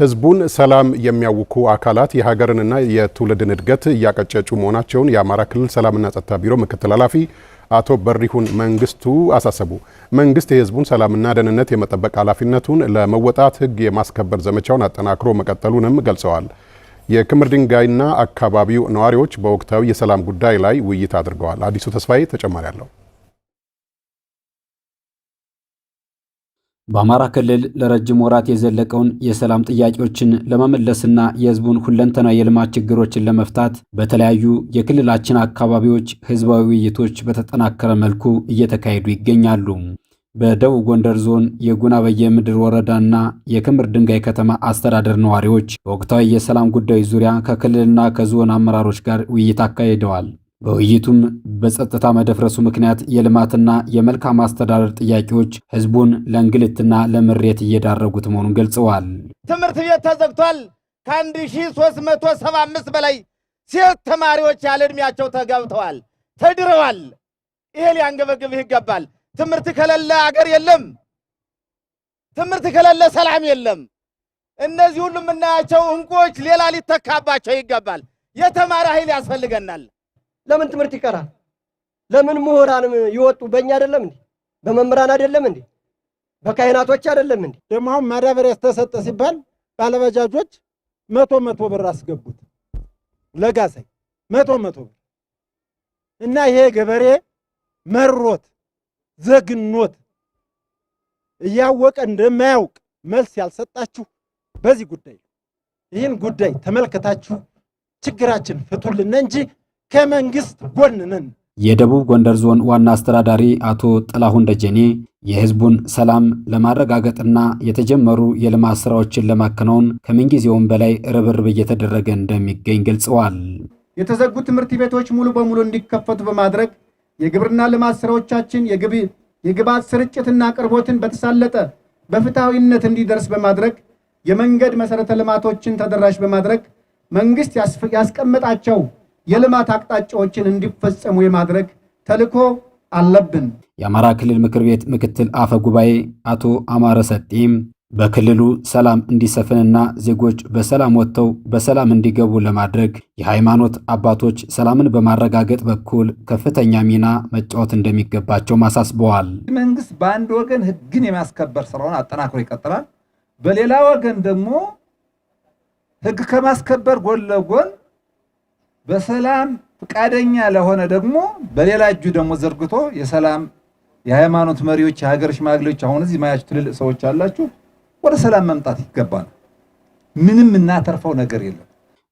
ህዝቡን ሰላም የሚያውኩ አካላት የሀገርንና የትውልድን እድገት እያቀጨጩ መሆናቸውን የአማራ ክልል ሰላምና ጸጥታ ቢሮ ምክትል ኃላፊ አቶ በሪሁን መንግስቱ አሳሰቡ። መንግስት የህዝቡን ሰላምና ደህንነት የመጠበቅ ኃላፊነቱን ለመወጣት ህግ የማስከበር ዘመቻውን አጠናክሮ መቀጠሉንም ገልጸዋል። የክምር ድንጋይና አካባቢው ነዋሪዎች በወቅታዊ የሰላም ጉዳይ ላይ ውይይት አድርገዋል። አዲሱ ተስፋዬ ተጨማሪ አለው። በአማራ ክልል ለረጅም ወራት የዘለቀውን የሰላም ጥያቄዎችን ለመመለስና የህዝቡን ሁለንተና የልማት ችግሮችን ለመፍታት በተለያዩ የክልላችን አካባቢዎች ህዝባዊ ውይይቶች በተጠናከረ መልኩ እየተካሄዱ ይገኛሉ። በደቡብ ጎንደር ዞን የጉና በየምድር ወረዳና የክምር ድንጋይ ከተማ አስተዳደር ነዋሪዎች በወቅታዊ የሰላም ጉዳዮች ዙሪያ ከክልልና ከዞን አመራሮች ጋር ውይይት አካሂደዋል። በውይይቱም በጸጥታ መደፍረሱ ምክንያት የልማትና የመልካም አስተዳደር ጥያቄዎች ህዝቡን ለእንግልትና ለምሬት እየዳረጉት መሆኑን ገልጸዋል። ትምህርት ቤት ተዘግቷል። ከ1375 በላይ ሴት ተማሪዎች ያለ ዕድሜያቸው ተገብተዋል፣ ተድረዋል። ይሄ ሊያንገበግብህ ይገባል። ትምህርት ከሌለ አገር የለም። ትምህርት ከሌለ ሰላም የለም። እነዚህ ሁሉ የምናያቸው እንቁዎች ሌላ ሊተካባቸው ይገባል። የተማረ ኃይል ያስፈልገናል። ለምን ትምህርት ይቀራል? ለምን ምሁራን ይወጡ? በእኛ አይደለም እንዴ? በመምህራን አይደለም እንዴ? በካህናቶች አይደለም እንዴ? ደግሞ አሁን ማዳበሪያ ተሰጠ ሲባል ባለበጃጆች መቶ መቶ ብር አስገቡት ለጋሳይ መቶ መቶ ብር እና ይሄ ገበሬ መሮት ዘግኖት እያወቀ እንደማያውቅ መልስ ያልሰጣችሁ በዚህ ጉዳይ ይህን ጉዳይ ተመልከታችሁ ችግራችን ፍቱልን እንጂ ከመንግስት ጎን ነን። የደቡብ ጎንደር ዞን ዋና አስተዳዳሪ አቶ ጥላሁን ደጀኔ የህዝቡን ሰላም ለማረጋገጥና የተጀመሩ የልማት ስራዎችን ለማከናወን ከምንጊዜውም በላይ ርብርብ እየተደረገ እንደሚገኝ ገልጸዋል። የተዘጉ ትምህርት ቤቶች ሙሉ በሙሉ እንዲከፈቱ በማድረግ የግብርና ልማት ስራዎቻችን የግብዓት ስርጭትና አቅርቦትን በተሳለጠ በፍትሐዊነት እንዲደርስ በማድረግ የመንገድ መሰረተ ልማቶችን ተደራሽ በማድረግ መንግስት ያስቀመጣቸው የልማት አቅጣጫዎችን እንዲፈጸሙ የማድረግ ተልዕኮ አለብን። የአማራ ክልል ምክር ቤት ምክትል አፈ ጉባኤ አቶ አማረ ሰጤም በክልሉ ሰላም እንዲሰፍንና ዜጎች በሰላም ወጥተው በሰላም እንዲገቡ ለማድረግ የሃይማኖት አባቶች ሰላምን በማረጋገጥ በኩል ከፍተኛ ሚና መጫወት እንደሚገባቸው አሳስበዋል። መንግስት በአንድ ወገን ህግን የማስከበር ስራውን አጠናክሮ ይቀጥላል። በሌላ ወገን ደግሞ ህግ ከማስከበር ጎን ለጎን በሰላም ፈቃደኛ ለሆነ ደግሞ በሌላ እጁ ደግሞ ዘርግቶ የሰላም የሃይማኖት መሪዎች፣ የሀገር ሽማግሌዎች፣ አሁን እዚህ ማያችሁ ትልልቅ ሰዎች አላችሁ፣ ወደ ሰላም መምጣት ይገባል። ምንም እናተርፈው ነገር የለም።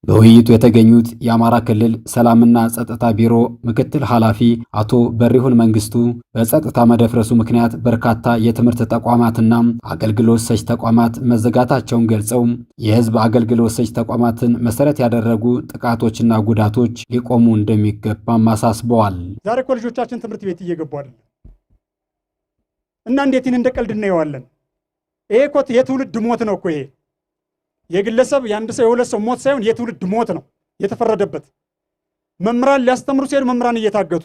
በውይይቱ የተገኙት የአማራ ክልል ሰላምና ጸጥታ ቢሮ ምክትል ኃላፊ አቶ በሪሁን መንግስቱ በጸጥታ መደፍረሱ ምክንያት በርካታ የትምህርት ተቋማትና አገልግሎት ሰጪ ተቋማት መዘጋታቸውን ገልጸው የህዝብ አገልግሎት ሰጪ ተቋማትን መሰረት ያደረጉ ጥቃቶችና ጉዳቶች ሊቆሙ እንደሚገባም አሳስበዋል። ዛሬ እኮ ልጆቻችን ትምህርት ቤት እየገቡ አይደለም እና እንዴት ይህን እንደ ቀልድ እናየዋለን? ይሄ እኮ የትውልድ ሞት ነው እኮ ይሄ የግለሰብ የአንድ ሰው የሁለት ሰው ሞት ሳይሆን የትውልድ ሞት ነው የተፈረደበት። መምህራን ሊያስተምሩ ሲሄዱ መምህራን እየታገቱ፣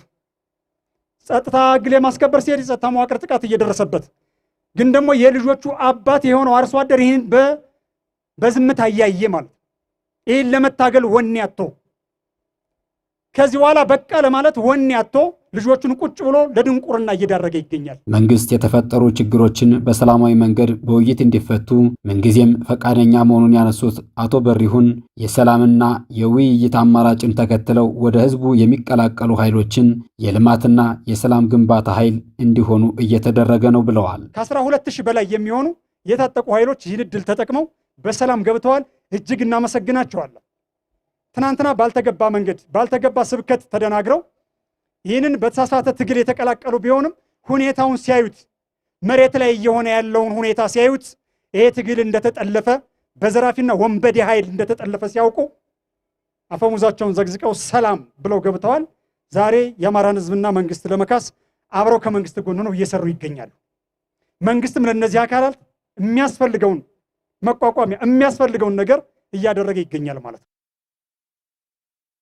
ጸጥታ ግሌ የማስከበር ሲሄድ የጸጥታ መዋቅር ጥቃት እየደረሰበት፣ ግን ደግሞ የልጆቹ አባት የሆነው አርሶ አደር ይህን በዝምታ እያየ ማለት ይህን ለመታገል ወኔ አቶ ከዚህ በኋላ በቃ ለማለት ወኔ አቶ ልጆቹን ቁጭ ብሎ ለድንቁርና እየዳረገ ይገኛል። መንግስት የተፈጠሩ ችግሮችን በሰላማዊ መንገድ በውይይት እንዲፈቱ ምንጊዜም ፈቃደኛ መሆኑን ያነሱት አቶ በሪሁን የሰላምና የውይይት አማራጭን ተከትለው ወደ ህዝቡ የሚቀላቀሉ ኃይሎችን የልማትና የሰላም ግንባታ ኃይል እንዲሆኑ እየተደረገ ነው ብለዋል። ከአስራ ሁለት ሺህ በላይ የሚሆኑ የታጠቁ ኃይሎች ይህን እድል ተጠቅመው በሰላም ገብተዋል። እጅግ እናመሰግናቸዋለን። ትናንትና ባልተገባ መንገድ ባልተገባ ስብከት ተደናግረው ይህንን በተሳሳተ ትግል የተቀላቀሉ ቢሆንም ሁኔታውን ሲያዩት መሬት ላይ እየሆነ ያለውን ሁኔታ ሲያዩት ይሄ ትግል እንደተጠለፈ በዘራፊና ወንበዴ ኃይል እንደተጠለፈ ሲያውቁ አፈሙዛቸውን ዘግዝቀው ሰላም ብለው ገብተዋል። ዛሬ የአማራን ሕዝብና መንግስት ለመካስ አብረው ከመንግስት ጎን ሆነው እየሰሩ ይገኛሉ። መንግስትም ለእነዚህ አካላት የሚያስፈልገውን መቋቋሚያ የሚያስፈልገውን ነገር እያደረገ ይገኛል ማለት ነው።